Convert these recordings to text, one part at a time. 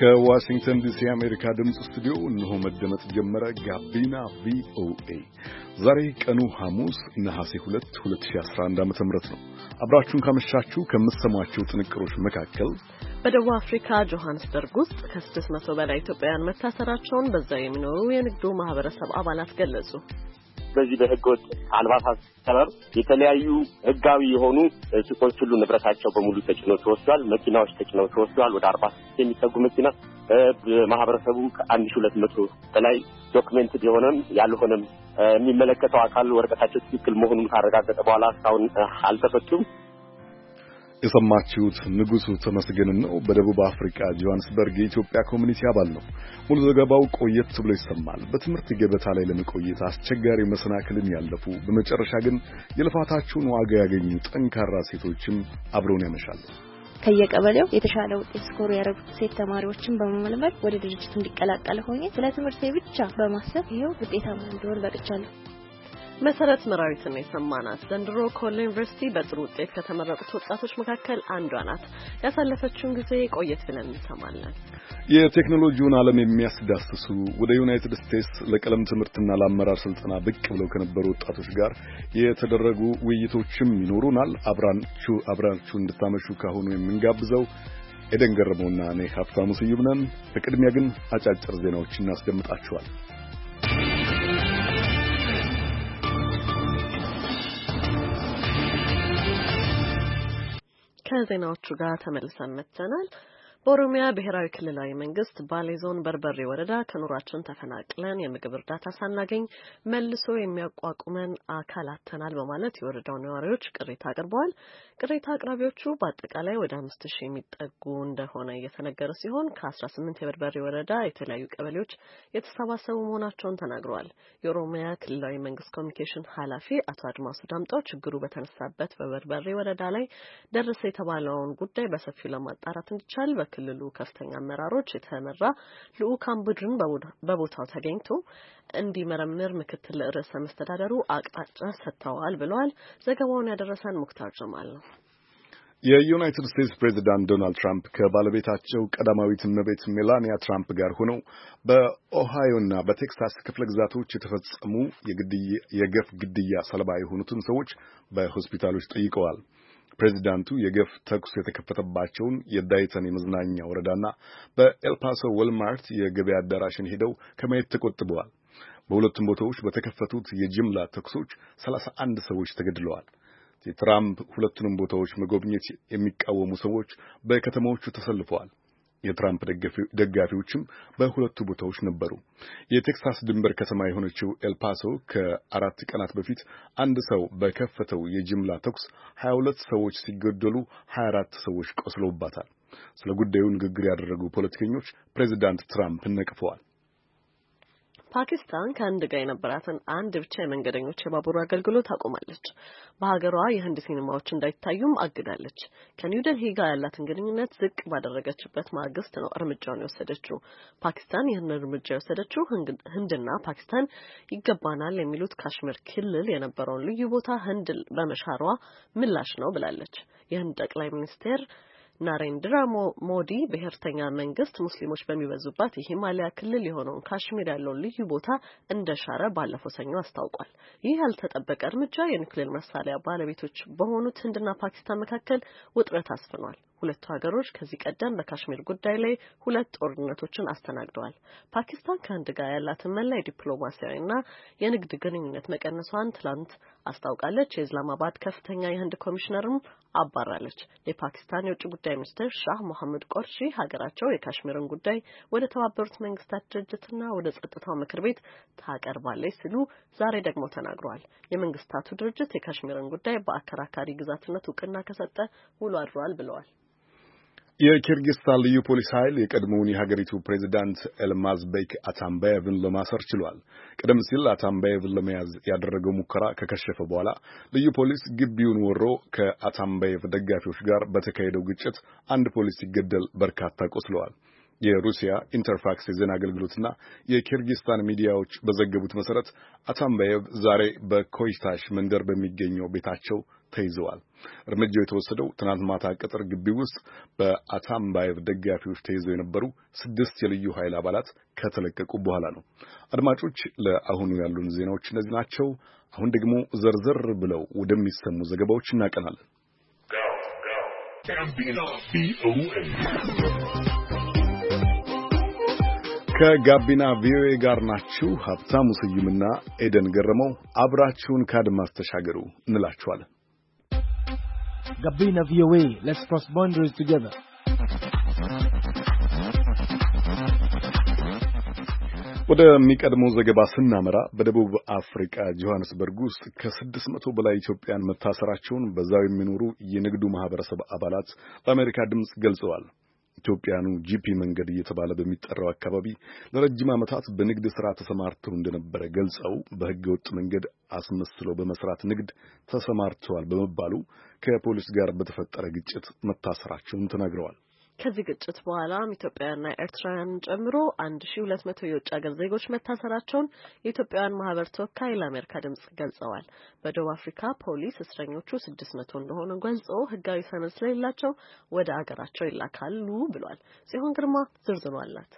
ከዋሽንግተን ዲሲ የአሜሪካ ድምፅ ስቱዲዮ እነሆ መደመጥ ጀመረ። ጋቢና ቪኦኤ ዛሬ ቀኑ ሐሙስ ነሐሴ 2 2011 ዓ.ም ነው። አብራችሁን ካመሻችሁ ከምትሰማቸው ጥንቅሮች መካከል በደቡብ አፍሪካ ጆሃንስበርግ ውስጥ ከ600 በላይ ኢትዮጵያውያን መታሰራቸውን በዛ የሚኖሩ የንግዱ ማህበረሰብ አባላት ገለጹ። በዚህ በህገወጥ አልባሳት ሰበብ የተለያዩ ህጋዊ የሆኑ ሱቆች ሁሉ ንብረታቸው በሙሉ ተጭነው ተወስዷል። መኪናዎች ተጭነው ተወስዷል። ወደ አርባ ስድስት የሚጠጉ መኪና ማህበረሰቡ ከአንድ ሺ ሁለት መቶ በላይ ዶክመንትድ የሆነም ያልሆነም የሚመለከተው አካል ወረቀታቸው ትክክል መሆኑን ካረጋገጠ በኋላ እስካሁን አልተፈቱም። የሰማችሁት ንጉሱ ተመስገንን ነው። በደቡብ አፍሪካ ጆሃንስበርግ የኢትዮጵያ ኮሚኒቲ አባል ነው። ሙሉ ዘገባው ቆየት ብሎ ይሰማል። በትምህርት ገበታ ላይ ለመቆየት አስቸጋሪ መሰናክልን ያለፉ፣ በመጨረሻ ግን የልፋታችሁን ዋጋ ያገኙ ጠንካራ ሴቶችም አብረውን ያመሻሉ። ከየቀበሌው የተሻለ ውጤት ስኮር ያደረጉት ሴት ተማሪዎችን በመመልመል ወደ ድርጅቱ እንዲቀላቀል ሆኜ ስለ ትምህርቴ ብቻ በማሰብ ይኸው ውጤታማ እንደሆን በቅቻለሁ። መሰረት ነው የሰማናት ዘንድሮ ከወሎ ዩኒቨርሲቲ በጥሩ ውጤት ከተመረጡት ወጣቶች መካከል አንዷ ናት። ያሳለፈችውን ጊዜ ቆየት ብለን እንሰማለን። የቴክኖሎጂውን ዓለም የሚያስዳስሱ ወደ ዩናይትድ ስቴትስ ለቀለም ትምህርትና ለአመራር ስልጠና ብቅ ብለው ከነበሩ ወጣቶች ጋር የተደረጉ ውይይቶችም ይኖሩናል። አብራችሁ አብራችሁ እንድታመሹ ካሁኑ የምንጋብዘው ኤደን ገረመውና እኔ ሀብታሙ ስዩም ነን። በቅድሚያ ግን አጫጭር ዜናዎች እናስደምጣችኋል። ከዜናዎቹ ጋር ተመልሰን መጥተናል። በኦሮሚያ ብሔራዊ ክልላዊ መንግስት ባሌ ዞን በርበሬ ወረዳ ከኑሯችን ተፈናቅለን የምግብ እርዳታ ሳናገኝ መልሶ የሚያቋቁመን አካል በማለት የወረዳው ነዋሪዎች ቅሬታ አቅርበዋል። ቅሬታ አቅራቢዎቹ በአጠቃላይ ወደ አምስት ሺህ የሚጠጉ እንደሆነ እየተነገረ ሲሆን ከአስራ ስምንት የበርበሬ ወረዳ የተለያዩ ቀበሌዎች የተሰባሰቡ መሆናቸውን ተናግረዋል። የኦሮሚያ ክልላዊ መንግስት ኮሚኒኬሽን ኃላፊ አቶ አድማሱ ዳምጠው ችግሩ በተነሳበት በበርበሬ ወረዳ ላይ ደረሰ የተባለውን ጉዳይ በሰፊው ለማጣራት እንዲቻል ክልሉ ከፍተኛ አመራሮች የተመራ ልዑካን ቡድን በቦታው ተገኝቶ እንዲመረምር ምክትል ርዕሰ መስተዳደሩ አቅጣጫ ሰጥተዋል ብለዋል። ዘገባውን ያደረሰን ሙክታር ጀማል ነው። የዩናይትድ ስቴትስ ፕሬዚዳንት ዶናልድ ትራምፕ ከባለቤታቸው ቀዳማዊት እመቤት ሜላኒያ ትራምፕ ጋር ሆነው በኦሃዮና በቴክሳስ ክፍለ ግዛቶች የተፈጸሙ የገፍ ግድያ ሰለባ የሆኑትን ሰዎች በሆስፒታሎች ጠይቀዋል። ፕሬዚዳንቱ የገፍ ተኩስ የተከፈተባቸውን የዳይተን የመዝናኛ ወረዳና በኤልፓሶ ወልማርት የገበያ አዳራሽን ሄደው ከማየት ተቆጥበዋል። በሁለቱም ቦታዎች በተከፈቱት የጅምላ ተኩሶች ሰላሳ አንድ ሰዎች ተገድለዋል። የትራምፕ ሁለቱንም ቦታዎች መጎብኘት የሚቃወሙ ሰዎች በከተማዎቹ ተሰልፈዋል። የትራምፕ ደጋፊዎችም በሁለቱ ቦታዎች ነበሩ። የቴክሳስ ድንበር ከተማ የሆነችው ኤልፓሶ ከአራት ቀናት በፊት አንድ ሰው በከፈተው የጅምላ ተኩስ 22 ሰዎች ሲገደሉ 24 ሰዎች ቆስለውባታል። ስለ ጉዳዩ ንግግር ያደረጉ ፖለቲከኞች ፕሬዚዳንት ትራምፕን ነቅፈዋል። ፓኪስታን ከህንድ ጋር የነበራትን አንድ ብቻ የመንገደኞች የባቡር አገልግሎት አቆማለች። በሀገሯ የህንድ ሲኒማዎች እንዳይታዩም አግዳለች። ከኒውደልሂ ጋር ያላትን ግንኙነት ዝቅ ባደረገችበት ማግስት ነው እርምጃውን የወሰደችው። ፓኪስታን ይህን እርምጃ የወሰደችው ህንድና ፓኪስታን ይገባናል የሚሉት ካሽሚር ክልል የነበረውን ልዩ ቦታ ህንድ በመሻሯ ምላሽ ነው ብላለች። የህንድ ጠቅላይ ሚኒስቴር ናሬንድራ ሞዲ ብሔርተኛ መንግስት ሙስሊሞች በሚበዙባት የሂማሊያ ክልል የሆነውን ካሽሚር ያለውን ልዩ ቦታ እንደሻረ ባለፈው ሰኞ አስታውቋል። ይህ ያልተጠበቀ እርምጃ የኒክሌር መሳሪያ ባለቤቶች በሆኑት ህንድና ፓኪስታን መካከል ውጥረት አስፍኗል። ሁለቱ ሀገሮች ከዚህ ቀደም በካሽሚር ጉዳይ ላይ ሁለት ጦርነቶችን አስተናግደዋል። ፓኪስታን ከህንድ ጋር ያላትን መላ ና የንግድ ግንኙነት መቀነሷን ትላንት አስታውቃለች። የእስላማባድ ከፍተኛ የህንድ ኮሚሽነርም አባራለች። የፓኪስታን የውጭ ጉዳይ ሚኒስትር ሻህ መሐመድ ቆርሺ ሀገራቸው የካሽሚርን ጉዳይ ወደ ተባበሩት መንግስታት ድርጅትና ወደ ጸጥታው ምክር ቤት ታቀርባለች ሲሉ ዛሬ ደግሞ ተናግረዋል። የመንግስታቱ ድርጅት የካሽሚርን ጉዳይ በአከራካሪ ግዛትነት እውቅና ከሰጠ ውሎ አድሯል ብለዋል። የኪርጊስታን ልዩ ፖሊስ ኃይል የቀድሞውን የሀገሪቱ ፕሬዚዳንት ኤልማዝቤክ አታምባየቭን ለማሰር ችሏል። ቀደም ሲል አታምባየቭን ለመያዝ ያደረገው ሙከራ ከከሸፈ በኋላ ልዩ ፖሊስ ግቢውን ወሮ ከአታምባየቭ ደጋፊዎች ጋር በተካሄደው ግጭት አንድ ፖሊስ ሲገደል በርካታ ቆስለዋል። የሩሲያ ኢንተርፋክስ የዜና አገልግሎትና የኪርጊስታን ሚዲያዎች በዘገቡት መሰረት አታምባየቭ ዛሬ በኮይታሽ መንደር በሚገኘው ቤታቸው ተይዘዋል። እርምጃው የተወሰደው ትናንት ማታ ቅጥር ግቢ ውስጥ በአታምባየቭ ደጋፊዎች ተይዘው የነበሩ ስድስት የልዩ ኃይል አባላት ከተለቀቁ በኋላ ነው። አድማጮች፣ ለአሁኑ ያሉን ዜናዎች እነዚህ ናቸው። አሁን ደግሞ ዘርዘር ብለው ወደሚሰሙ ዘገባዎች እናቀናለን። ከጋቢና ቪኦኤ ጋር ናችሁ። ሀብታሙ ስዩምና ኤደን ገረመው አብራችሁን ከአድማስ ተሻገሩ እንላችኋለን። ጋቢና ቪኦኤ ሌትስ ክሮስ ቦንደሪስ ቱጌዘር ወደሚቀድመው ዘገባ ስናመራ በደቡብ አፍሪካ ጆሐንስበርግ ውስጥ ከስድስት መቶ በላይ ኢትዮጵያን መታሰራቸውን በዛው የሚኖሩ የንግዱ ማህበረሰብ አባላት ለአሜሪካ ድምፅ ገልጸዋል። ኢትዮጵያኑ ጂፒ መንገድ እየተባለ በሚጠራው አካባቢ ለረጅም ዓመታት በንግድ ሥራ ተሰማርተው እንደነበረ ገልጸው በሕገ ወጥ መንገድ አስመስለው በመስራት ንግድ ተሰማርተዋል በመባሉ ከፖሊስ ጋር በተፈጠረ ግጭት መታሰራቸውን ተናግረዋል። ከዚህ ግጭት በኋላም ኢትዮጵያውያንና ኤርትራውያንን ጨምሮ አንድ ሺ ሁለት መቶ የውጭ ሀገር ዜጎች መታሰራቸውን የኢትዮጵያውያን ማህበር ተወካይ ለአሜሪካ ድምጽ ገልጸዋል። በደቡብ አፍሪካ ፖሊስ እስረኞቹ ስድስት መቶ እንደሆኑ ገልጾ ህጋዊ ሰነድ ስለሌላቸው ወደ አገራቸው ይላካሉ ብሏል። ጽዮን ግርማ ዝርዝሩ አላት።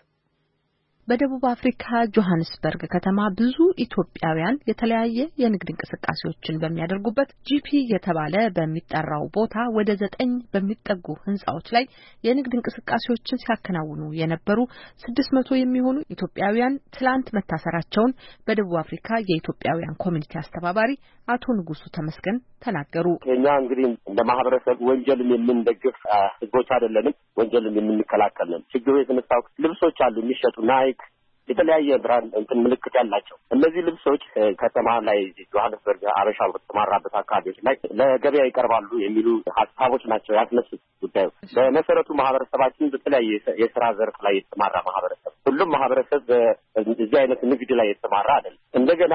በደቡብ አፍሪካ ጆሃንስበርግ ከተማ ብዙ ኢትዮጵያውያን የተለያየ የንግድ እንቅስቃሴዎችን በሚያደርጉበት ጂፒ የተባለ በሚጠራው ቦታ ወደ ዘጠኝ በሚጠጉ ህንጻዎች ላይ የንግድ እንቅስቃሴዎችን ሲያከናውኑ የነበሩ ስድስት መቶ የሚሆኑ ኢትዮጵያውያን ትላንት መታሰራቸውን በደቡብ አፍሪካ የኢትዮጵያውያን ኮሚኒቲ አስተባባሪ አቶ ንጉሱ ተመስገን ተናገሩ። እኛ እንግዲህ እንደ ማህበረሰብ ወንጀልን የምንደግፍ ህዝቦች አይደለንም። ወንጀልን የምንከላከል ነን። ችግሩ የተነሳው ልብሶች አሉ የሚሸጡ ናይ የተለያየ ብራንድ እንትን ምልክት ያላቸው እነዚህ ልብሶች ከተማ ላይ ጆሀንስበርግ አበሻ በተማራበት አካባቢዎች ላይ ለገበያ ይቀርባሉ የሚሉ ሀሳቦች ናቸው ያስነሱት ጉዳዩ። በመሰረቱ ማህበረሰባችን በተለያየ የስራ ዘርፍ ላይ የተማራ ማህበረሰብ፣ ሁሉም ማህበረሰብ እዚህ አይነት ንግድ ላይ የተማራ አይደለም። እንደገና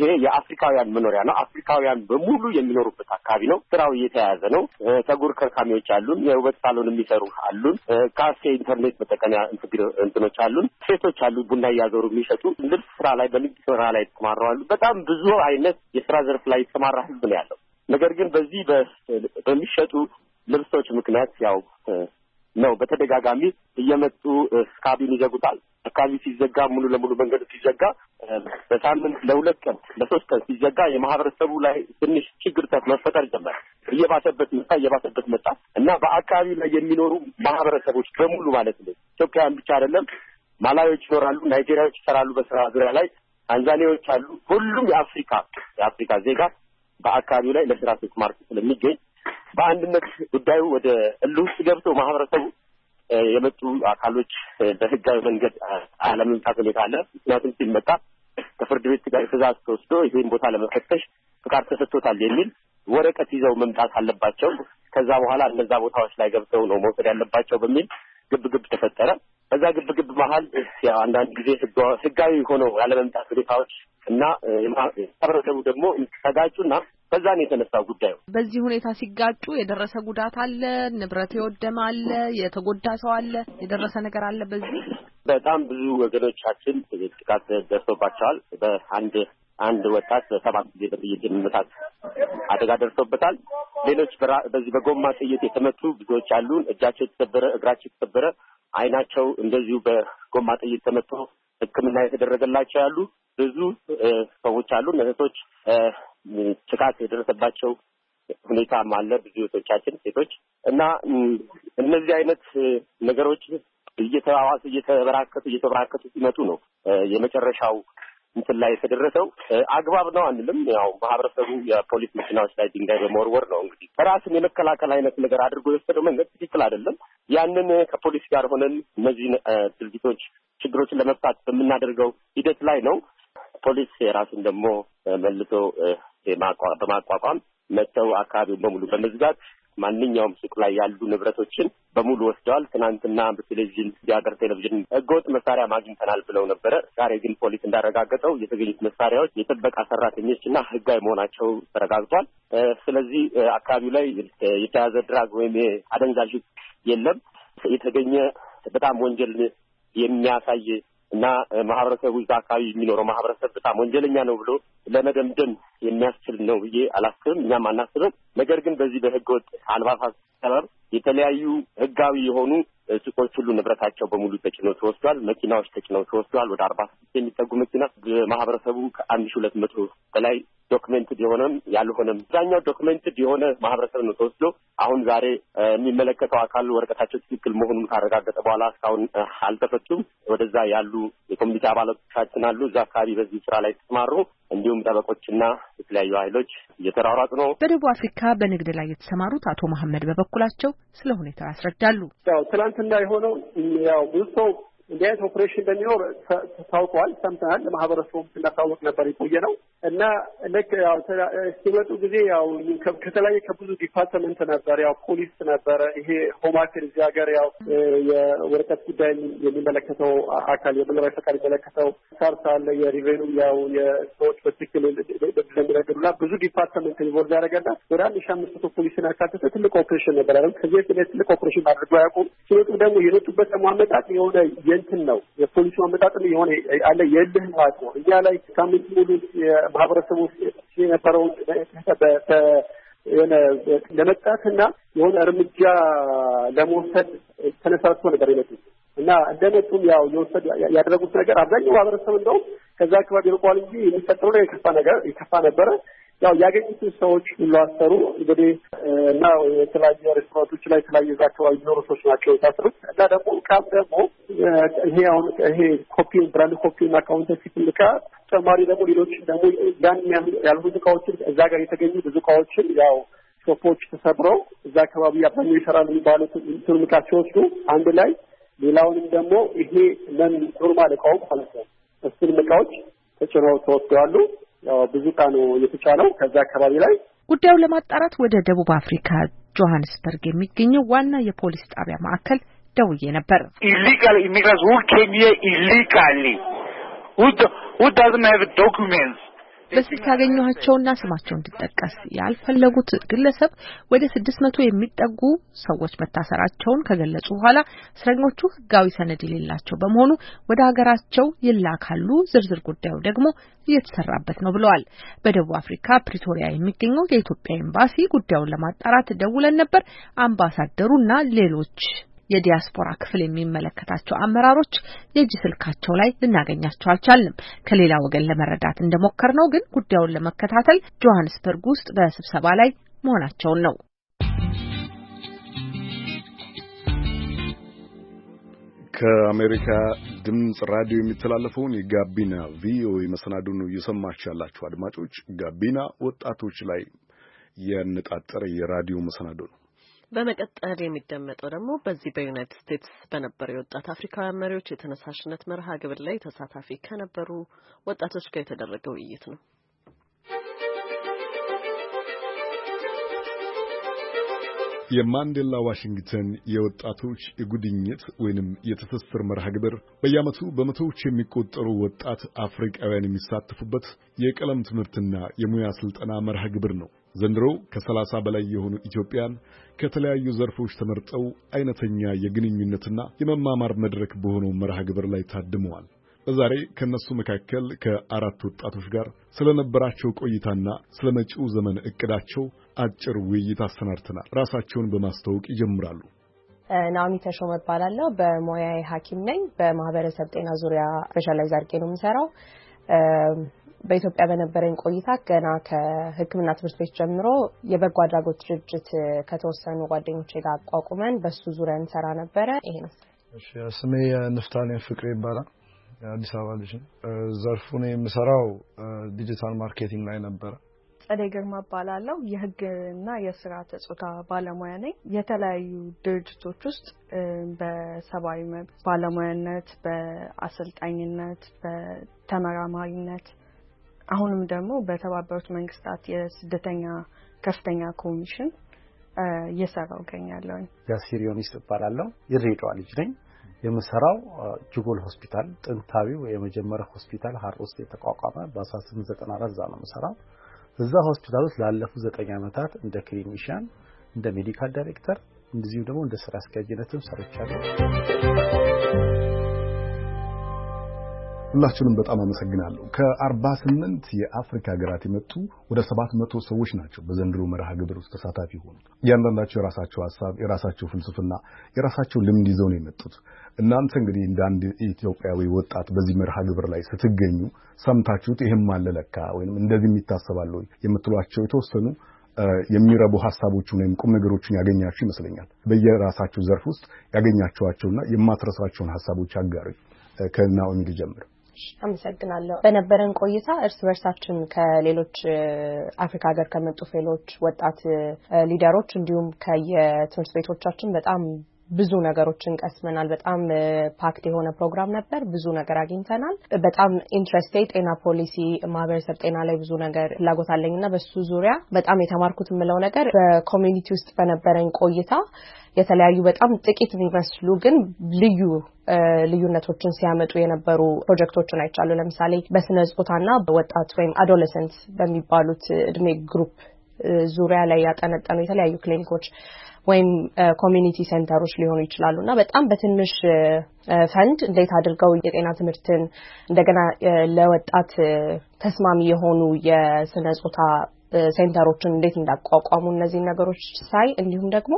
ይሄ የአፍሪካውያን መኖሪያ ነው። አፍሪካውያን በሙሉ የሚኖሩበት አካባቢ ነው። ስራው እየተያያዘ ነው። ጸጉር ከርካሚዎች አሉን፣ የውበት ሳሎን የሚሰሩ አሉን፣ ካፌ፣ ኢንተርኔት መጠቀሚያ እንትኖች አሉን፣ ሴቶች አሉ፣ ቡና ላይ ያዞሩ የሚሸጡ ልብስ ስራ ላይ በንግድ ስራ ላይ ተማረዋሉ። በጣም ብዙ አይነት የስራ ዘርፍ ላይ የተሰማራ ህዝብ ነው ያለው። ነገር ግን በዚህ በሚሸጡ ልብሶች ምክንያት ያው ነው በተደጋጋሚ እየመጡ ካቢን ይዘጉታል። አካባቢ ሲዘጋ ሙሉ ለሙሉ መንገዱ ሲዘጋ በሳምንት ለሁለት ቀን ለሶስት ቀን ሲዘጋ የማህበረሰቡ ላይ ትንሽ ችግር መፈጠር ጀመረ። እየባሰበት መጣ እየባሰበት መጣ እና በአካባቢው ላይ የሚኖሩ ማህበረሰቦች በሙሉ ማለት ነው ኢትዮጵያውያን ብቻ አይደለም ማላዊዎች ይኖራሉ፣ ናይጄሪያዎች ይሰራሉ በስራ ዙሪያ ላይ ታንዛኒያዎች አሉ። ሁሉም የአፍሪካ የአፍሪካ ዜጋ በአካባቢው ላይ ለስራ ሴት ማርኬት ስለሚገኝ በአንድነት ጉዳዩ ወደ እልህ ውስጥ ገብቶ ማህበረሰቡ የመጡ አካሎች በህጋዊ መንገድ አለመምጣት ሁኔታ አለ። ምክንያቱም ሲመጣ ከፍርድ ቤት ጋር ትእዛዝ ተወስዶ ይህን ቦታ ለመፈተሽ ፍቃድ ተሰጥቶታል የሚል ወረቀት ይዘው መምጣት አለባቸው። ከዛ በኋላ እነዛ ቦታዎች ላይ ገብተው ነው መውሰድ ያለባቸው በሚል ግብግብ ተፈጠረ። በዛ ግብግብ መሀል አንዳንድ ጊዜ ህጋዊ ሆነው ያለመምጣት ሁኔታዎች እና ማህበረሰቡ ደግሞ ተጋጩና በዛ ነው የተነሳው ጉዳዩ። በዚህ ሁኔታ ሲጋጩ የደረሰ ጉዳት አለ፣ ንብረት የወደመ አለ፣ የተጎዳ ሰው አለ፣ የደረሰ ነገር አለ። በዚህ በጣም ብዙ ወገኖቻችን ጥቃት ደርሶባቸዋል። በአንድ አንድ ወጣት በሰባት ጊዜ በጥይት መመታት አደጋ ደርሶበታል። ሌሎች በዚህ በጎማ ጥይት የተመቱ ብዙዎች አሉን። እጃቸው የተሰበረ፣ እግራቸው የተሰበረ አይናቸው እንደዚሁ በጎማ ጥይት ተመቶ ሕክምና የተደረገላቸው ያሉ ብዙ ሰዎች አሉ። እነሴቶች ጥቃት የደረሰባቸው ሁኔታም አለ። ብዙ ቶቻችን ሴቶች እና እነዚህ አይነት ነገሮች እየተባባሱ እየተበራከቱ እየተበራከቱ ሲመጡ ነው የመጨረሻው እንትን ላይ የተደረሰው አግባብ ነው አንልም። ያው ማህበረሰቡ የፖሊስ መኪናዎች ላይ ድንጋይ በመወርወር ነው እንግዲህ ራስን የመከላከል አይነት ነገር አድርጎ የወሰደው መንገድ ትክክል አይደለም። ያንን ከፖሊስ ጋር ሆነን እነዚህ ድርጊቶች ችግሮችን ለመፍታት በምናደርገው ሂደት ላይ ነው ፖሊስ የራሱን ደግሞ መልሶ በማቋቋም መጥተው አካባቢውን በሙሉ በመዝጋት ማንኛውም ሱቅ ላይ ያሉ ንብረቶችን በሙሉ ወስደዋል። ትናንትና በቴሌቪዥን የሀገር ቴሌቪዥን ህገወጥ መሳሪያ ማግኝተናል ብለው ነበረ። ዛሬ ግን ፖሊስ እንዳረጋገጠው የተገኙት መሳሪያዎች የጥበቃ ሰራተኞች እና ህጋዊ መሆናቸው ተረጋግጧል። ስለዚህ አካባቢው ላይ የተያዘ ድራግ ወይም አደንዛዥ የለም የተገኘ በጣም ወንጀል የሚያሳይ እና ማህበረሰቡ እዛ አካባቢ የሚኖረው ማህበረሰብ በጣም ወንጀለኛ ነው ብሎ ለመደምደም የሚያስችል ነው ብዬ አላስብም። እኛም አናስብም። ነገር ግን በዚህ በህገወጥ አልባሳት ሰበብ የተለያዩ ህጋዊ የሆኑ ሱቆች ሁሉ ንብረታቸው በሙሉ ተጭነው ተወስዷል። መኪናዎች ተጭነው ተወስዷል። ወደ አርባ ስድስት የሚጠጉ መኪና ማህበረሰቡ ከአንድ ሺ ሁለት መቶ በላይ ዶክመንትድ የሆነም ያልሆነም አብዛኛው ዶክመንትድ የሆነ ማህበረሰብ ነው ተወስዶ አሁን ዛሬ የሚመለከተው አካል ወረቀታቸው ትክክል መሆኑን ካረጋገጠ በኋላ እስካሁን አልተፈቱም። ወደዛ ያሉ የኮሚኒቲ አባሎቻችን አሉ እዛ አካባቢ በዚህ ስራ ላይ ተሰማሩ እንዲሁም ጠበቆችና የተለያዩ ኃይሎች እየተሯሯጡ ነው። በደቡብ አፍሪካ በንግድ ላይ የተሰማሩት አቶ መሀመድ በበኩላቸው ስለ ሁኔታው ያስረዳሉ። ያው ትናንትና የሆነው ያው ብዙ ሰው እንዲህ አይነት ኦፕሬሽን እንደሚኖር ታውቀዋል፣ ሰምተናል። ለማህበረሰቡም ስናሳወቅ ነበር የቆየ ነው እና ልክ ሲመጡ ጊዜ ያው ከተለያየ ከብዙ ዲፓርትመንት ነበር፣ ያው ፖሊስ ነበረ፣ ይሄ ሆማክር እዚህ ሀገር ያው የወረቀት ጉዳይ የሚመለከተው አካል የመኖሪያ ፈቃድ የሚመለከተው ሳርስ አለ፣ የሪቬኑ ያው የሰዎች በትክክል እንደሚነገሩና ብዙ ዲፓርትመንት ኢንቮልቭ ያደረገና ወደ አንድ ሺ አምስት መቶ ፖሊስን ያካተተ ትልቅ ኦፕሬሽን ነበር። ከዚህ ትልቅ ኦፕሬሽን አድርገው አያውቁም። ሲመጡ ደግሞ የመጡበት ደግሞ አመጣጥ የሆነ እንትን ነው የፖሊሱ አመጣጥም የሆነ አለ የልህ ማለት ነው። እኛ ላይ ሳምንት ሙሉ ማህበረሰቡ የነበረውን የሆነ ለመጣትና የሆነ እርምጃ ለመውሰድ ተነሳስቶ ነበር የመጡት እና እንደመጡም ያው የወሰድ ያደረጉት ነገር አብዛኛው ማህበረሰብ እንደውም ከዛ አካባቢ ርቋል እንጂ የሚፈጠሩ የከፋ ነገር የከፋ ነበረ። ያው ያገኙት ሰዎች ሁሉ አሰሩ። እንግዲህ እና የተለያዩ ሬስቶራንቶች ላይ የተለያዩ እዛ አካባቢ የሚኖሩ ሰዎች ናቸው የታሰሩት እና ደግሞ እቃም ደግሞ ይሄ አሁን ይሄ ኮፒ ብራንድ ኮፒ አካውንት ፊት ልካ ተጨማሪ ደግሞ ሌሎች ደግሞ ያን ያልሆኑ እቃዎችን እዛ ጋር የተገኙ ብዙ እቃዎችን ያው ሾፖች ተሰብረው እዛ አካባቢ አብዛኛው ይሰራል የሚባሉት እንትን እቃ ሲወስዱ አንድ ላይ ሌላውንም ደግሞ ይሄ ለን ኖርማል እቃውም ማለት ነው እሱን እቃዎች ተጭነው ተወስደዋሉ። ያው ብዙ ዕቃ ነው የተጫነው ከዛ አካባቢ ላይ። ጉዳዩን ለማጣራት ወደ ደቡብ አፍሪካ ጆሀንስበርግ የሚገኘው ዋና የፖሊስ ጣቢያ ማዕከል ደውዬ ነበር። ኢሊጋል ኢሚግራንት ሁ ኬም ሂር ኢሊጋሊ ሁ ዳዝንት ሀቭ ዶክመንትስ በስልክ ያገኘኋቸውና ስማቸው እንዲጠቀስ ያልፈለጉት ግለሰብ ወደ ስድስት መቶ የሚጠጉ ሰዎች መታሰራቸውን ከገለጹ በኋላ እስረኞቹ ሕጋዊ ሰነድ የሌላቸው በመሆኑ ወደ ሀገራቸው ይላካሉ። ዝርዝር ጉዳዩ ደግሞ እየተሰራበት ነው ብለዋል። በደቡብ አፍሪካ ፕሪቶሪያ የሚገኘው የኢትዮጵያ ኤምባሲ ጉዳዩን ለማጣራት ደውለን ነበር። አምባሳደሩና ሌሎች የዲያስፖራ ክፍል የሚመለከታቸው አመራሮች የእጅ ስልካቸው ላይ ልናገኛቸው አልቻልንም። ከሌላ ወገን ለመረዳት እንደሞከር ነው ግን ጉዳዩን ለመከታተል ጆሀንስበርግ ውስጥ በስብሰባ ላይ መሆናቸውን ነው። ከአሜሪካ ድምፅ ራዲዮ የሚተላለፈውን የጋቢና ቪኦኤ መሰናዶ ነው እየሰማች ያላችሁ አድማጮች። ጋቢና ወጣቶች ላይ ያነጣጠረ የራዲዮ መሰናዶ ነው። በመቀጠል የሚደመጠው ደግሞ በዚህ በዩናይትድ ስቴትስ በነበረው የወጣት አፍሪካውያን መሪዎች የተነሳሽነት መርሃ ግብር ላይ ተሳታፊ ከነበሩ ወጣቶች ጋር የተደረገ ውይይት ነው። የማንዴላ ዋሽንግተን የወጣቶች የጉድኝት ወይንም የትስስር መርሃ ግብር በየዓመቱ በመቶዎች የሚቆጠሩ ወጣት አፍሪካውያን የሚሳተፉበት የቀለም ትምህርትና የሙያ ስልጠና መርሃ ግብር ነው። ዘንድሮ ከሰላሳ በላይ የሆኑ ኢትዮጵያን ከተለያዩ ዘርፎች ተመርጠው አይነተኛ የግንኙነትና የመማማር መድረክ በሆነው መርሃ ግብር ላይ ታድመዋል። በዛሬ ከእነሱ መካከል ከአራት ወጣቶች ጋር ስለነበራቸው ቆይታና ስለ መጪው ዘመን እቅዳቸው አጭር ውይይት አሰናድተናል። ራሳቸውን በማስተዋወቅ ይጀምራሉ። ናኦሚ ተሾመ እባላለሁ። በሙያዬ ሐኪም ነኝ። በማህበረሰብ ጤና ዙሪያ ስፔሻላይዝ አድርጌ ነው የምሰራው። በኢትዮጵያ በነበረኝ ቆይታ ገና ከሕክምና ትምህርት ቤት ጀምሮ የበጎ አድራጎት ድርጅት ከተወሰኑ ጓደኞች ጋር አቋቁመን በሱ ዙሪያ እንሰራ ነበረ። ይሄ ነው። ስሜ ንፍታኔን ፍቅሬ ይባላል። የአዲስ አበባ ልጅ ነው። ዘርፉን የምሰራው ዲጂታል ማርኬቲንግ ላይ ነበረ። ጸደይ ግርማ እባላለሁ። የህግና የስርዓተ ጾታ ባለሙያ ነኝ። የተለያዩ ድርጅቶች ውስጥ በሰብአዊ መብት ባለሙያነት፣ በአሰልጣኝነት፣ በተመራማሪነት አሁንም ደግሞ በተባበሩት መንግስታት የስደተኛ ከፍተኛ ኮሚሽን እየሰራው እገኛለሁ። ያሲሪዮኒስ እባላለሁ። የድሬዳዋ ልጅ ነኝ። የምሰራው ጅጎል ሆስፒታል ጥንታዊው የመጀመሪያ ሆስፒታል ሀር ውስጥ የተቋቋመ በ1894 እዛ ነው የምሰራው። በዛ ሆስፒታል ውስጥ ላለፉ ዘጠኝ ዓመታት እንደ ክሊኒሽያን እንደ ሜዲካል ዳይሬክተር እንደዚሁም ደግሞ እንደ ስራ አስኪያጅነትም ሰርቻለሁ። ሁላችሁንም በጣም አመሰግናለሁ። ከአርባ ስምንት የአፍሪካ ሀገራት የመጡ ወደ ሰባት መቶ ሰዎች ናቸው በዘንድሮ መርሃ ግብር ውስጥ ተሳታፊ ሆኑ እያንዳንዳቸው የራሳቸው ሀሳብ፣ የራሳቸው ፍልስፍና፣ የራሳቸው ልምድ ይዘው ነው የመጡት። እናንተ እንግዲህ እንደ አንድ ኢትዮጵያዊ ወጣት በዚህ መርሃ ግብር ላይ ስትገኙ ሰምታችሁት ይህም አለ ለካ ወይም እንደዚህ ይታሰባል የምትሏቸው የተወሰኑ የሚረቡ ሀሳቦችን ወይም ቁም ነገሮችን ያገኛችሁ ይመስለኛል። በየራሳችሁ ዘርፍ ውስጥ ያገኛችኋቸውና የማትረሳቸውን ሀሳቦች አጋሪ። ከናኦሚ ልጀምር። አመሰግናለሁ። በነበረን ቆይታ እርስ በርሳችን ከሌሎች አፍሪካ ሀገር ከመጡ ፌሎች ወጣት ሊደሮች እንዲሁም ከየትምህርት ቤቶቻችን በጣም ብዙ ነገሮችን ቀስመናል። በጣም ፓክድ የሆነ ፕሮግራም ነበር። ብዙ ነገር አግኝተናል። በጣም ኢንትረስቴ ጤና ፖሊሲ፣ ማህበረሰብ ጤና ላይ ብዙ ነገር ፍላጎት አለኝ እና በሱ ዙሪያ በጣም የተማርኩት የምለው ነገር በኮሚኒቲ ውስጥ በነበረኝ ቆይታ የተለያዩ በጣም ጥቂት የሚመስሉ ግን ልዩ ልዩነቶችን ሲያመጡ የነበሩ ፕሮጀክቶችን አይቻሉ። ለምሳሌ በስነ ጾታና በወጣት ወይም አዶለሰንት በሚባሉት እድሜ ግሩፕ ዙሪያ ላይ ያጠነጠኑ የተለያዩ ክሊኒኮች ወይም ኮሚኒቲ ሴንተሮች ሊሆኑ ይችላሉ እና በጣም በትንሽ ፈንድ እንዴት አድርገው የጤና ትምህርትን እንደገና ለወጣት ተስማሚ የሆኑ የስነ ጾታ ሴንተሮችን እንዴት እንዳቋቋሙ እነዚህን ነገሮች ሳይ እንዲሁም ደግሞ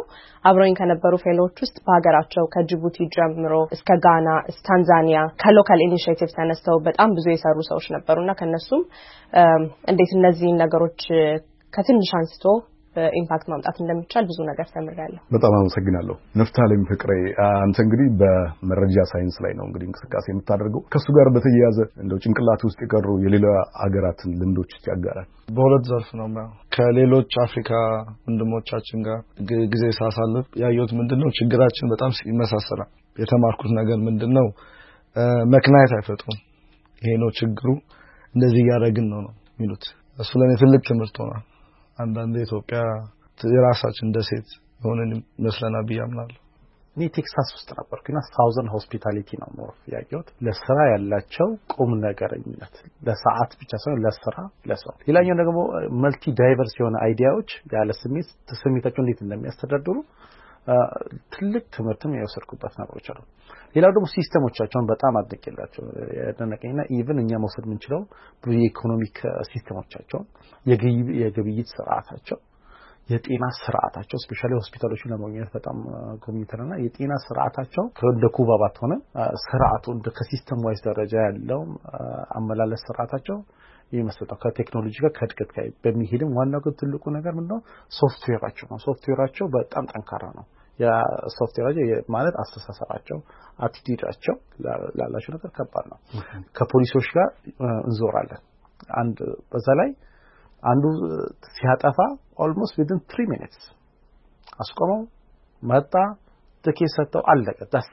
አብረኝ ከነበሩ ፌሎች ውስጥ በሀገራቸው ከጅቡቲ ጀምሮ እስከ ጋና፣ ታንዛኒያ ከሎካል ኢኒሽቲቭ ተነስተው በጣም ብዙ የሰሩ ሰዎች ነበሩ እና ከነሱም እንዴት እነዚህን ነገሮች ከትንሽ አንስቶ ኢምፓክት ማምጣት እንደሚቻል ብዙ ነገር ተምሬያለሁ። በጣም አመሰግናለሁ። ንፍታሌም ፍቅሬ፣ አንተ እንግዲህ በመረጃ ሳይንስ ላይ ነው እንግዲህ እንቅስቃሴ የምታደርገው። ከእሱ ጋር በተያያዘ እንደው ጭንቅላት ውስጥ የቀሩ የሌላ አገራትን ልምዶች ያጋራል። በሁለት ዘርፍ ነው ከሌሎች አፍሪካ ወንድሞቻችን ጋር ጊዜ ሳሳልፍ ያየሁት ምንድን ነው ችግራችን በጣም ይመሳሰላል። የተማርኩት ነገር ምንድን ነው መክንያት አይፈጥሩም። ይሄ ነው ችግሩ፣ እንደዚህ እያደረግን ነው ነው የሚሉት። እሱ ለእኔ ትልቅ ትምህርት ሆኗል። አንዳንድ ኢትዮጵያ የራሳችን ደሴት የሆነን ይመስለናል ብዬ አምናለሁ። እኔ ቴክሳስ ውስጥ ነበርኩና ሳውዘን ሆስፒታሊቲ ነው ኖር ያየሁት። ለስራ ያላቸው ቁም ነገረኝነት ለሰዓት ብቻ ሳይሆን ለስራ ለሰው። ሌላኛው ደግሞ መልቲ ዳይቨርስ የሆነ አይዲያዎች ያለ ስሜት ስሜታቸው እንዴት እንደሚያስተዳድሩ ትልቅ ትምህርትም የወሰድኩበት ነገሮች አሉ። ሌላው ደግሞ ሲስተሞቻቸውን በጣም አድንቄላቸው ያደነቀኝና ኢቭን እኛ መውሰድ የምንችለው ብዙ የኢኮኖሚክ ሲስተሞቻቸውን፣ የግብይት ስርዓታቸው፣ የጤና ስርዓታቸው ስፔሻሊ ሆስፒታሎችን ለማግኘት በጣም ጎብኝተንና የጤና ስርዓታቸው እንደ ኩባ ባትሆነ ስርዓቱ ከሲስተም ዋይዝ ደረጃ ያለው አመላለስ ስርዓታቸው ይመስላል ከቴክኖሎጂ ጋር ከእድገት ጋር በሚሄድም ዋናው ግን ትልቁ ነገር ምንድነው ሶፍትዌራቸው ነው። ሶፍትዌራቸው በጣም ጠንካራ ነው። የሶፍትዌር ማለት አስተሳሰባቸው አቲቲዩዳቸው ላላቸው ነገር ከባድ ነው። ከፖሊሶች ጋር እንዞራለን። አንድ በዛ ላይ አንዱ ሲያጠፋ ኦልሞስት ዊድን ትሪ ሚኒትስ አስቆመው፣ መጣ፣ ትኬ ሰጥተው አለቀ። ዳስ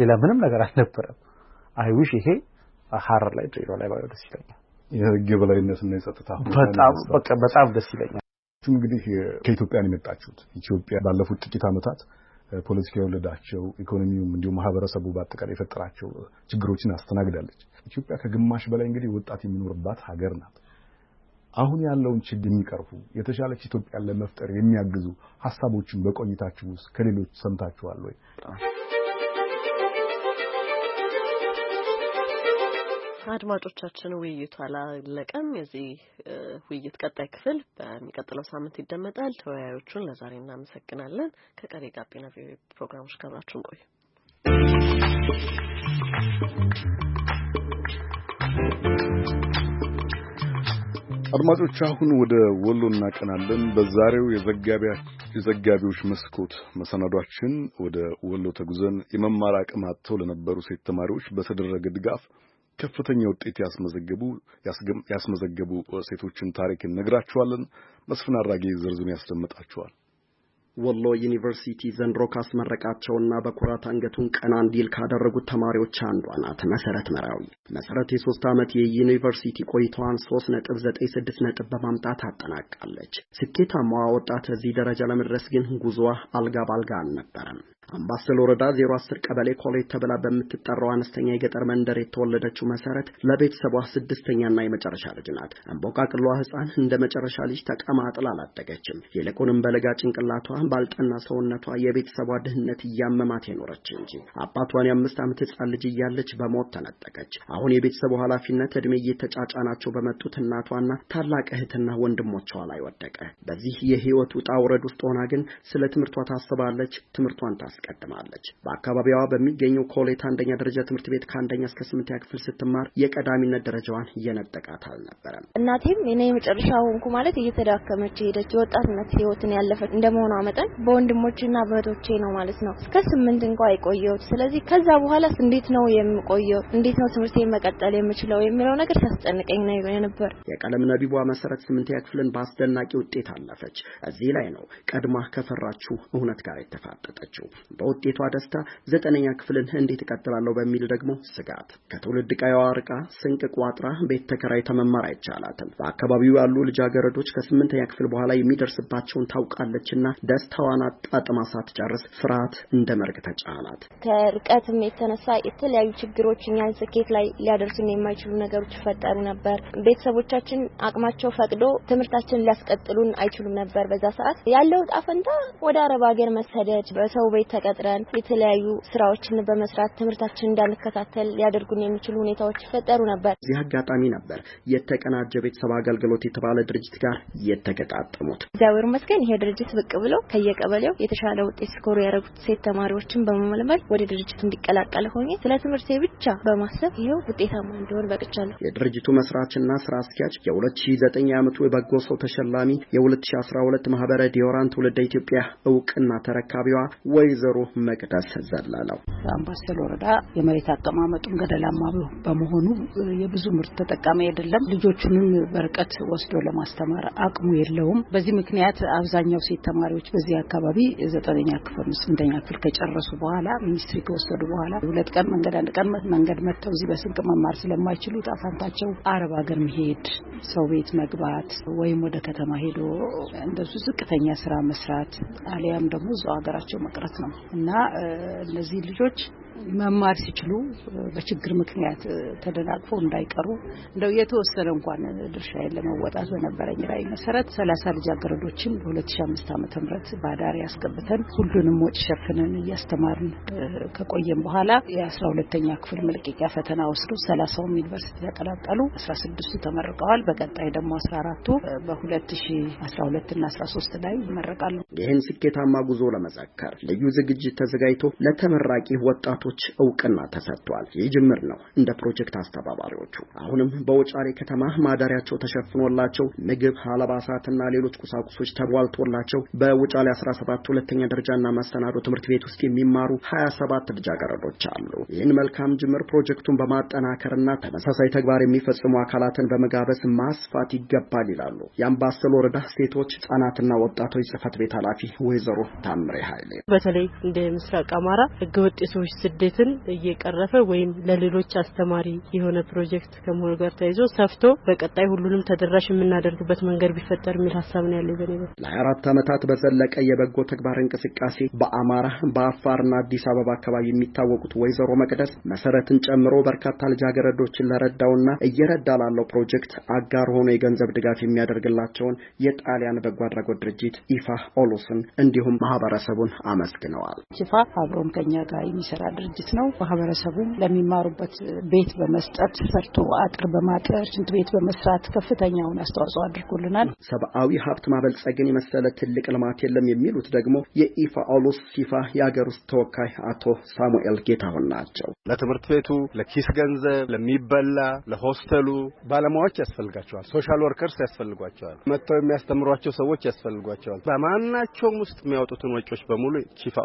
ሌላ ምንም ነገር አልነበረም። አይ ዊሽ ይሄ ሀረር ላይ ድሬዳዋ ላይ ባይሆን ደስ ይለኛል። የህግ የበላይነትና የጸጥታ በጣም በቃ በጣም ደስ ይለኛል። እንግዲህ ከኢትዮጵያ ነው የመጣችሁት። ኢትዮጵያ ባለፉት ጥቂት ዓመታት ፖለቲካ የወለዳቸው ኢኮኖሚውም፣ እንዲሁም ማህበረሰቡ በአጠቃላይ የፈጠራቸው ችግሮችን አስተናግዳለች። ኢትዮጵያ ከግማሽ በላይ እንግዲህ ወጣት የሚኖርባት ሀገር ናት። አሁን ያለውን ችግር የሚቀርፉ የተሻለች ኢትዮጵያን ለመፍጠር የሚያግዙ ሀሳቦችን በቆይታችሁ ውስጥ ከሌሎች ሰምታችኋል ወይ? አድማጮቻችን ውይይቱ አላለቀም። የዚህ ውይይት ቀጣይ ክፍል በሚቀጥለው ሳምንት ይደመጣል። ተወያዮቹን ለዛሬ እናመሰግናለን። ከቀሪ ጋቢና ቪኦኤ ፕሮግራሞች ከብራችሁን ቆዩ። አድማጮች አሁን ወደ ወሎ እናቀናለን። በዛሬው የዘጋቢዎች መስኮት መሰናዷችን ወደ ወሎ ተጉዘን የመማር አቅም አጥተው ለነበሩ ሴት ተማሪዎች በተደረገ ድጋፍ ከፍተኛ ውጤት ያስመዘገቡ ያስመዘገቡ ሴቶችን ታሪክ እነግራችኋለን። መስፍን አራጌ ዝርዝሩን ያስደምጣችኋል። ወሎ ዩኒቨርሲቲ ዘንድሮ ካስመረቃቸውና በኩራት አንገቱን ቀና እንዲል ካደረጉት ተማሪዎች አንዷ ናት መሰረት መራዊ። መሰረት የሶስት ዓመት የዩኒቨርሲቲ ቆይታዋን ሶስት ነጥብ ዘጠኝ ስድስት ነጥብ በማምጣት አጠናቃለች። ስኬታማዋ ወጣት እዚህ ደረጃ ለመድረስ ግን ጉዞዋ አልጋ ባልጋ አልነበረም። አምባሰል ወረዳ ዜሮ አስር ቀበሌ ኮሌጅ ተብላ በምትጠራው አነስተኛ የገጠር መንደር የተወለደችው መሰረት ለቤተሰቧ ስድስተኛና የመጨረሻ ልጅ ናት። እንቦቃቅሏ ሕፃን እንደ መጨረሻ ልጅ ተቀማጥላ አላደገችም። ይልቁንም በለጋ ጭንቅላቷ ባልጠና ሰውነቷ የቤተሰቧ ድህነት እያመማት የኖረች እንጂ አባቷን የአምስት ዓመት ህፃን ልጅ እያለች በሞት ተነጠቀች። አሁን የቤተሰቡ ኃላፊነት ዕድሜ እየተጫጫናቸው በመጡት እናቷና ታላቅ እህትና ወንድሞቿ ላይ ወደቀ። በዚህ የህይወት ውጣ ውረድ ውስጥ ሆና ግን ስለ ትምህርቷ ታስባለች፣ ትምህርቷን ታስቀድማለች። በአካባቢዋ በሚገኘው ኮሌት አንደኛ ደረጃ ትምህርት ቤት ከአንደኛ እስከ ስምንተኛ ክፍል ስትማር የቀዳሚነት ደረጃዋን እየነጠቃት አልነበረም። እናቴም እኔ የመጨረሻ ሆንኩ ማለት እየተዳከመች ሄደች። የወጣትነት ህይወትን ያለፈች እንደመሆኗ መጠን በወንድሞችና በእህቶቼ ነው ማለት ነው። እስከ ስምንት እንኳ አይቆየውት ስለዚህ ከዛ በኋላስ እንዴት ነው የምቆየው? እንዴት ነው ትምህርት መቀጠል የምችለው የሚለው ነገር ሲያስጨንቀኝ ነው የነበር። የቀለም ነቢቧ መሰረት ስምንተኛ ክፍልን በአስደናቂ ውጤት አለፈች። እዚህ ላይ ነው ቀድማ ከፈራችሁ እውነት ጋር የተፋጠጠችው። በውጤቷ ደስታ ዘጠነኛ ክፍልን እንዴት እቀጥላለሁ በሚል ደግሞ ስጋት። ከትውልድ ቀየዋ ርቃ ስንቅ ቋጥራ ቤት ተከራይታ መማር አይቻላትም። በአካባቢው ያሉ ልጃገረዶች ከስምንተኛ ክፍል በኋላ የሚደርስባቸውን ታውቃለችና ደስ ሽታዋን አጣጥማ ሳትጨርስ ፍርሃት እንደ መርግ ተጫናት። ከርቀትም የተነሳ የተለያዩ ችግሮች እኛን ስኬት ላይ ሊያደርሱን የማይችሉ ነገሮች ይፈጠሩ ነበር። ቤተሰቦቻችን አቅማቸው ፈቅዶ ትምህርታችን ሊያስቀጥሉን አይችሉም ነበር። በዛ ሰዓት ያለው ጣፈንታ ወደ አረብ ሀገር መሰደድ፣ በሰው ቤት ተቀጥረን የተለያዩ ስራዎችን በመስራት ትምህርታችን እንዳንከታተል ሊያደርጉን የሚችሉ ሁኔታዎች ይፈጠሩ ነበር። እዚህ አጋጣሚ ነበር የተቀናጀ ቤተሰብ አገልግሎት የተባለ ድርጅት ጋር የተገጣጠሙት። እግዚአብሔር ይመስገን ይሄ ድርጅት ብቅ ብሎ ከየቀበሌው የተሻለ ውጤት ስኮሩ ያደረጉት ሴት ተማሪዎችን በመመልመል ወደ ድርጅቱ እንዲቀላቀል ሆኜ ስለ ትምህርቴ ብቻ በማሰብ ይኸው ውጤታማ እንዲሆን በቅቻለሁ። የድርጅቱ መስራችና ስራ አስኪያጅ የ2009 ዓመቱ የበጎ ሰው ተሸላሚ የ2012 ማህበረ ዲዮራን ትውልደ ኢትዮጵያ እውቅና ተረካቢዋ ወይዘሮ መቅደስ ዘላለው አምባሰል ወረዳ የመሬት አቀማመጡን ገደላማ በመሆኑ የብዙ ምርት ተጠቃሚ አይደለም። ልጆቹንም በርቀት ወስዶ ለማስተማር አቅሙ የለውም። በዚህ ምክንያት አብዛኛው ሴት ተማሪዎች እዚህ አካባቢ ዘጠነኛ ክፍል ስምንተኛ ክፍል ከጨረሱ በኋላ ሚኒስትሪ ከወሰዱ በኋላ ሁለት ቀን መንገድ አንድ ቀን መንገድ መጥተው እዚህ በስንቅ መማር ስለማይችሉ ጣፋንታቸው አረብ ሀገር መሄድ፣ ሰው ቤት መግባት ወይም ወደ ከተማ ሄዶ እንደሱ ዝቅተኛ ስራ መስራት አሊያም ደግሞ እዛው ሀገራቸው መቅረት ነው እና እነዚህ ልጆች መማር ሲችሉ በችግር ምክንያት ተደናቅፎ እንዳይቀሩ እንደው የተወሰነ እንኳን ድርሻዬን ለመወጣት በነበረኝ ራዕይ መሰረት ሰላሳ ልጃገረዶችን በ2005 ዓ.ም በአዳሪ አስገብተን ሁሉንም ወጪ ሸፍነን እያስተማርን ከቆየም በኋላ 12 ሁለተኛ ክፍል መልቀቂያ ፈተና ወስዶ ሰላሳውም ዩኒቨርሲቲ ተቀላቀሉ። 16 16ቱ ተመርቀዋል። በቀጣይ ደግሞ 14 ቱ በ2012 እና 13 ላይ ይመረቃሉ። ይህን ስኬታማ ጉዞ ለመዘከር ልዩ ዝግጅት ተዘጋጅቶ ለተመራቂ ወጣቱ ወጣቶች እውቅና ተሰጥቷል። ይህ ጅምር ነው። እንደ ፕሮጀክት አስተባባሪዎቹ አሁንም በወጫሌ ከተማ ማደሪያቸው ተሸፍኖላቸው ምግብ፣ አልባሳትና ሌሎች ቁሳቁሶች ተሟልቶላቸው በውጫሌ 17 ሁለተኛ ደረጃና ማስተናዶ ትምህርት ቤት ውስጥ የሚማሩ 27 ልጃገረዶች አሉ። ይህን መልካም ጅምር ፕሮጀክቱን በማጠናከርና ተመሳሳይ ተግባር የሚፈጽሙ አካላትን በመጋበዝ ማስፋት ይገባል ይላሉ የአምባሰል ወረዳ ሴቶች ህጻናትና ወጣቶች ጽህፈት ቤት ኃላፊ ወይዘሮ ታምሬ ኃይሌ። በተለይ እንደ ምስራቅ አማራ ህገወጥ የሰዎች ውርደትን እየቀረፈ ወይም ለሌሎች አስተማሪ የሆነ ፕሮጀክት ከመሆኑ ጋር ተያይዞ ሰፍቶ በቀጣይ ሁሉንም ተደራሽ የምናደርግበት መንገድ ቢፈጠር የሚል ሀሳብ ነው ያለኝ። በኔ በኩል ለአራት ዓመታት በዘለቀ የበጎ ተግባር እንቅስቃሴ በአማራ በአፋርና አዲስ አበባ አካባቢ የሚታወቁት ወይዘሮ መቅደስ መሰረትን ጨምሮ በርካታ ልጃገረዶችን ለረዳውና እየረዳ ላለው ፕሮጀክት አጋር ሆኖ የገንዘብ ድጋፍ የሚያደርግላቸውን የጣሊያን በጎ አድራጎት ድርጅት ኢፋ ኦሎስን እንዲሁም ማህበረሰቡን አመስግነዋል። ኢፋ አብሮም ከኛ ጋር የሚሰራ ድርጅት ድርጅት ነው። ማህበረሰቡም ለሚማሩበት ቤት በመስጠት ሰርቶ አጥር በማጠር ሽንት ቤት በመስራት ከፍተኛውን አስተዋጽኦ አድርጎልናል። ሰብአዊ ሀብት ማበልጸግን የመሰለ ትልቅ ልማት የለም የሚሉት ደግሞ አውሎስ ሲፋ የሀገር ውስጥ ተወካይ አቶ ሳሙኤል ጌታሁን ናቸው። ለትምህርት ቤቱ፣ ለኪስ ገንዘብ፣ ለሚበላ፣ ለሆስተሉ ባለሙያዎች ያስፈልጋቸዋል። ሶሻል ወርከርስ ያስፈልጓቸዋል። መጥተው የሚያስተምሯቸው ሰዎች ያስፈልጓቸዋል። በማናቸውም ውስጥ የሚያወጡትን ወጪዎች በሙሉ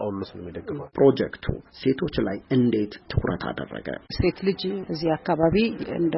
አውሎስ ነው የሚደግፈው። ፕሮጀክቱ ሴቶች ላይ እንዴት ትኩረት አደረገ? ሴት ልጅ እዚህ አካባቢ እንደ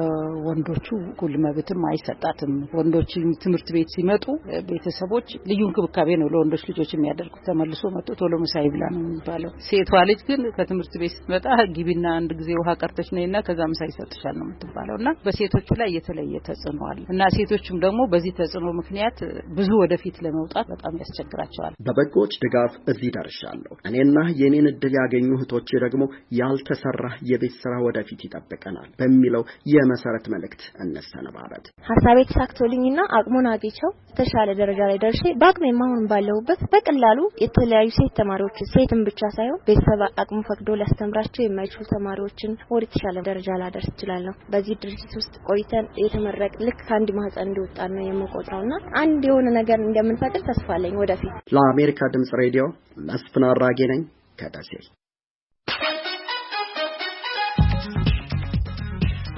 ወንዶቹ እኩል መብትም አይሰጣትም። ወንዶች ትምህርት ቤት ሲመጡ ቤተሰቦች ልዩ እንክብካቤ ነው ለወንዶች ልጆች የሚያደርጉት። ተመልሶ መጡ ቶሎ ምሳ ይብላ ነው የሚባለው። ሴቷ ልጅ ግን ከትምህርት ቤት ስትመጣ ግቢና አንድ ጊዜ ውሃ ቀርተች ና ከዛ ምሳ ይሰጥሻል ነው የምትባለው እና በሴቶቹ ላይ የተለየ ተጽዕኖ አለ እና ሴቶቹም ደግሞ በዚህ ተጽዕኖ ምክንያት ብዙ ወደፊት ለመውጣት በጣም ያስቸግራቸዋል። በበጎች ድጋፍ እዚህ ደርሻለሁ። እኔና የኔን እድል ያገኙ እህቶቼ ደግሞ ደግሞ ያልተሰራ የቤት ስራ ወደፊት ይጠብቀናል በሚለው የመሰረት መልእክት እንሰነባበት። ሀሳቤ ተሳክቶልኝና አቅሙን አግኝቼው የተሻለ ደረጃ ላይ ደርሼ በአቅሜ አሁን ባለሁበት በቀላሉ የተለያዩ ሴት ተማሪዎች ሴትን ብቻ ሳይሆን ቤተሰብ አቅሙ ፈቅዶ ሊያስተምራቸው የማይችሉ ተማሪዎችን ወደ ተሻለ ደረጃ ላደርስ እችላለሁ። በዚህ ድርጅት ውስጥ ቆይተን የተመረቅ ልክ ከአንድ ማህፀን እንዲወጣ ነው የምቆጥረውና አንድ የሆነ ነገር እንደምንፈጥር ተስፋ አለኝ ወደፊት። ለአሜሪካ ድምጽ ሬዲዮ መስፍን አራጌ ነኝ ከደሴ።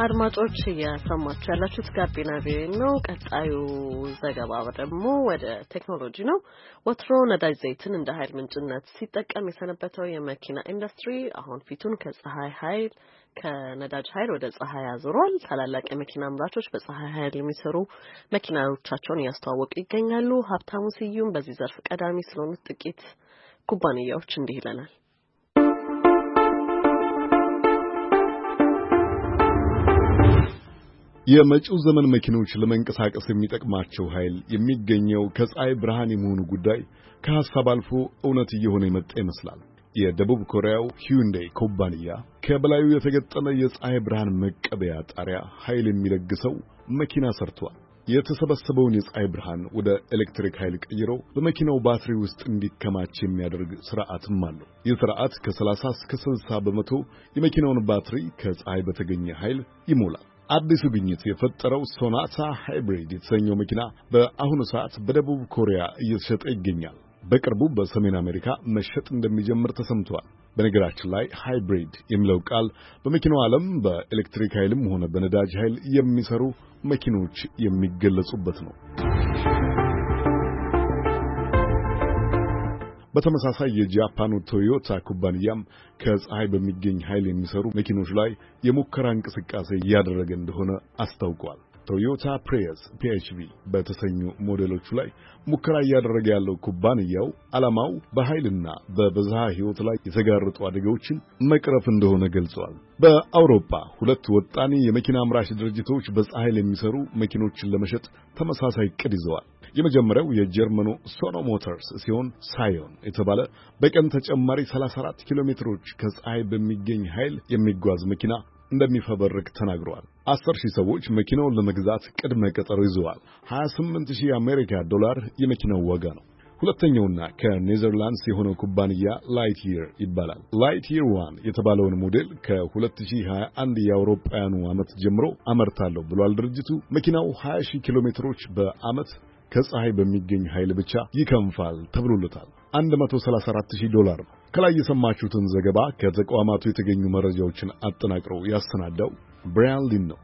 አድማጮች እያሰማችሁ ያላችሁት ጋቢና ቪኦኤ ነው። ቀጣዩ ዘገባ ደግሞ ወደ ቴክኖሎጂ ነው። ወትሮ ነዳጅ ዘይትን እንደ ኃይል ምንጭነት ሲጠቀም የሰነበተው የመኪና ኢንዱስትሪ አሁን ፊቱን ከፀሐይ ኃይል ከነዳጅ ኃይል ወደ ፀሐይ አዙሯል። ታላላቅ የመኪና አምራቾች በፀሐይ ኃይል የሚሰሩ መኪናዎቻቸውን እያስተዋወቁ ይገኛሉ። ሀብታሙ ስዩም በዚህ ዘርፍ ቀዳሚ ስለሆኑት ጥቂት ኩባንያዎች እንዲህ ይለናል። የመጪው ዘመን መኪኖች ለመንቀሳቀስ የሚጠቅማቸው ኃይል የሚገኘው ከፀሐይ ብርሃን የመሆኑ ጉዳይ ከሐሳብ አልፎ እውነት እየሆነ የመጣ ይመስላል። የደቡብ ኮሪያው ሂዩንዴ ኩባንያ ከበላዩ የተገጠመ የፀሐይ ብርሃን መቀበያ ጣሪያ ኃይል የሚለግሰው መኪና ሰርቷል። የተሰበሰበውን የፀሐይ ብርሃን ወደ ኤሌክትሪክ ኃይል ቀይሮ በመኪናው ባትሪ ውስጥ እንዲከማች የሚያደርግ ስርዓትም አለው። ይህ ስርዓት ከ30 እስከ 60 በመቶ የመኪናውን ባትሪ ከፀሐይ በተገኘ ኃይል ይሞላል። አዲሱ ግኝት የፈጠረው ሶናታ ሃይብሪድ የተሰኘው መኪና በአሁኑ ሰዓት በደቡብ ኮሪያ እየተሸጠ ይገኛል። በቅርቡ በሰሜን አሜሪካ መሸጥ እንደሚጀምር ተሰምቷል። በነገራችን ላይ ሃይብሪድ የሚለው ቃል በመኪናው ዓለም በኤሌክትሪክ ኃይልም ሆነ በነዳጅ ኃይል የሚሰሩ መኪኖች የሚገለጹበት ነው። በተመሳሳይ የጃፓኑ ቶዮታ ኩባንያም ከፀሐይ በሚገኝ ኃይል የሚሰሩ መኪኖች ላይ የሙከራ እንቅስቃሴ እያደረገ እንደሆነ አስታውቋል። ቶዮታ ፕሬየስ ፒኤችቪ በተሰኙ ሞዴሎቹ ላይ ሙከራ እያደረገ ያለው ኩባንያው ዓላማው በኃይልና በብዝሃ ሕይወት ላይ የተጋረጡ አደጋዎችን መቅረፍ እንደሆነ ገልጿል። በአውሮፓ ሁለት ወጣኔ የመኪና አምራች ድርጅቶች በፀሐይ የሚሰሩ መኪኖችን ለመሸጥ ተመሳሳይ ዕቅድ ይዘዋል። የመጀመሪያው የጀርመኑ ሶኖ ሞተርስ ሲሆን ሳዮን የተባለ በቀን ተጨማሪ 34 ኪሎ ሜትሮች ከፀሐይ በሚገኝ ኃይል የሚጓዝ መኪና እንደሚፈበርክ ተናግረዋል። አስር ሺህ ሰዎች መኪናውን ለመግዛት ቅድመ ቀጠሮ ይዘዋል። 28 ሺህ የአሜሪካ ዶላር የመኪናው ዋጋ ነው። ሁለተኛውና ከኔዘርላንድስ የሆነው ኩባንያ ላይት ይር ይባላል። ላይት ዋን የተባለውን ሞዴል ከ2021 የአውሮፓውያኑ ዓመት ጀምሮ አመርታለሁ ብሏል ድርጅቱ። መኪናው 20 ሺህ ኪሎ ሜትሮች በዓመት ከፀሐይ በሚገኝ ኃይል ብቻ ይከንፋል ተብሎለታል። 134000 ዶላር ነው። ከላይ የሰማችሁትን ዘገባ ከተቋማቱ የተገኙ መረጃዎችን አጠናቅሮ ያሰናዳው ብራያን ሊን ነው።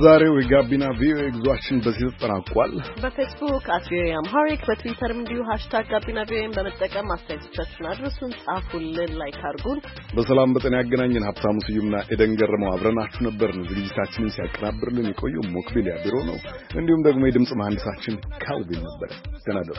የዛሬው የጋቢና ቪኦኤ ጉዟችን በዚህ ተጠናቋል። በፌስቡክ አት ቪኦኤ አምሃሪክ በትዊተርም እንዲሁ ሀሽታግ ጋቢና ቪኦኤን በመጠቀም አስተያየቶቻችሁን አድርሱን፣ ጻፉልን፣ ላይክ አድርጉን። በሰላም በጤና ያገናኘን። ሀብታሙ ስዩምና ኤደን ገረመው አብረናችሁ ነበርን። ዝግጅታችንን ሲያቀናብርልን የቆዩ ሞክቢሊያ ቢሮ ነው። እንዲሁም ደግሞ የድምፅ መሀንዲሳችን ። ካልቪን ነበረ። ደህና ደሩ።